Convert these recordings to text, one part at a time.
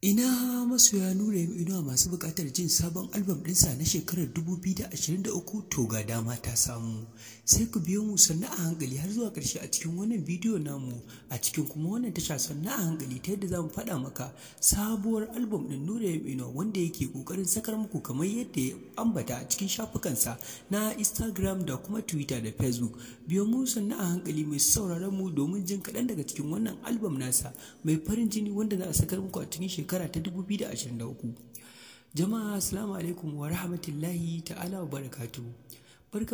Ina masoya nura yin inuwa masu bukatar jin sabon albam ɗinsa na shekarar 2023 to ga dama ta samu. Sai ku biyo mu sannan a hankali har zuwa karshe a cikin wannan bidiyo namu a cikin kuma wannan tasha sannan a hankali ta yadda za mu faɗa maka sabuwar albam ɗin nura yin inuwa wanda yake kokarin sakar muku kamar yadda ya ambata a cikin shafukansa na Instagram da kuma Twitter da Facebook. Biyo mu sannan a hankali mai sauraron mu domin jin kaɗan daga cikin wannan albam nasa mai farin jini wanda za a sakar muku a cikin shekarar shekara ta 2023 jama'a assalamu alaikum wa rahmatullahi ta'ala wa barakatu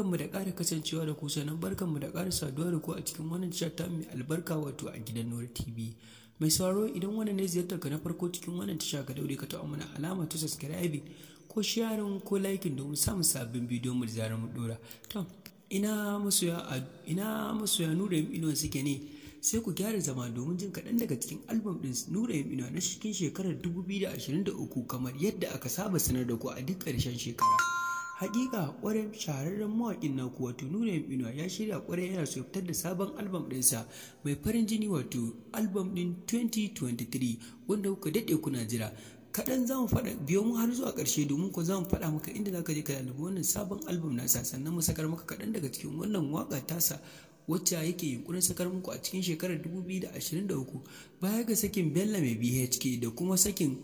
mu da ƙara kasancewa da ku sannan mu da ƙara saduwa da ku a cikin wannan tashar mai albarka wato a gidan Nura TV mai sauraro idan wannan ne ziyartar ka na farko cikin wannan tasha ka daure ka taɓa mana alama ta subscribe ko sharing ko liking domin samun sabbin bidiyo mu da zarar mu dora to ina masoya ina masoya Nura suke ne sai ku gyara zama domin jin kaɗan daga cikin albam ɗin Nura yin Inuwa na cikin shekarar 2023 kamar yadda aka saba sanar da ku a duk ƙarshen shekara. Hakika ƙwarar shahararren mawaƙin naku wato Nura yin Inuwa ya shirya ƙwarar yana so da sabon albam ɗinsa mai farin jini wato albam ɗin 2023 wanda kuka daɗe kuna jira. kaɗan za mu faɗa biyo mu har zuwa ƙarshe domin ko za mu faɗa maka inda za ka je ka dalibi wannan sabon albam nasa sannan mu sakar maka kaɗan daga cikin wannan waƙa tasa wacce yake yunkurin sakar muku a cikin shekarar 2023 baya ga sakin Bello mai BHK da kuma sakin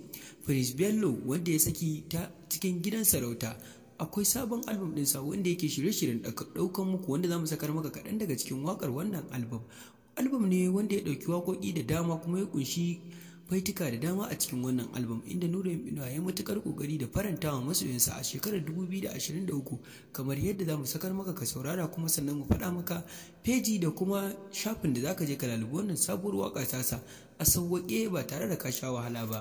Prince Bello wanda ya saki ta cikin gidan sarauta akwai sabon album ɗinsa wanda yake shirye-shiryen daukan muku wanda za mu sakar maka kaɗan daga cikin wakar wannan album album ne wanda ya ɗauki waƙoƙi da dama kuma ya ƙunshi baitika da dama a cikin wannan album inda nuru Inuwa ya matukar kokari da farantawa masoyansa a shekarar 2023 kamar yadda za mu sakar maka ka saurara kuma sannan mu faɗa maka peji da kuma shafin da zaka je ka lalubi wannan sabuwar waka tasa a sauwaƙe ba tare da ka sha wahala ba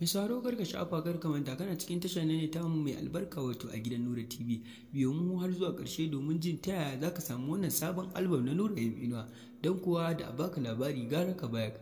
mai sauraro garka shafa garka manta kana cikin tashar na ne mu mai albarka wato a gidan Nura TV biyo mu har zuwa ƙarshe domin jin ta yaya za ka samu wannan sabon album na Nura Inuwa don kuwa da a baka labari gara ka bayak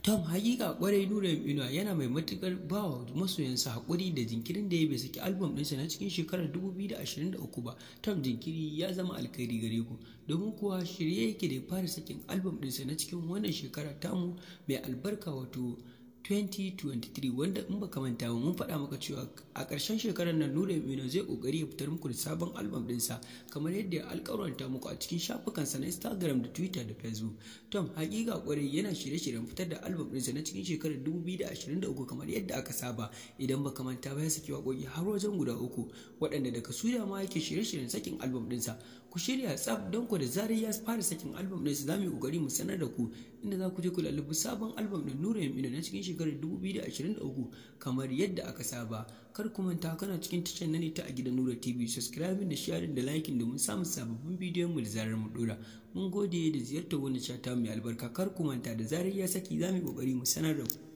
tom hakika kwarai nura inuwa yana mai matukar ba wa masoyansa hakuri da jinkirin da ya bai saki album ɗinsa na cikin shekarar 2023 ba tom jinkiri ya zama alkhairi gare ku domin kuwa shirye yake da fara sakin album ɗinsa na cikin wannan shekara tamu mai albarka wato 2023 wanda in baka manta ba mun faɗa maka cewa a ƙarshen shekarar nan Nura Mino zai kokari ya fitar muku da sabon album ɗinsa kamar yadda ya alƙawarta muku a cikin shafukan sa na Instagram da Twitter da Facebook. Tom hakika kwarai yana shirye-shiryen fitar da album ɗinsa na cikin shekarar 2023 kamar yadda aka saba idan baka manta ba ya saki waƙoƙi har wajen guda uku waɗanda daga su ma yake shirye-shiryen sakin album ɗinsa. Ku shirya tsaf don ku da zarar ya fara sakin album ɗinsa za mu yi kokari mu sanar da ku inda za ku je ku lalubi sabon album ɗin Nura Mino na cikin shekarar 2023 kamar yadda aka saba kar ku manta kana cikin tashar na ne ta a gidan Nura TV subscribing da sharing da da mun samun sababbin bidiyon mu da zarar mu dora mun gode da ziyartar wannan shata mai albarka kar ku manta da zarar ya saki zamu kokari mu sanar da ku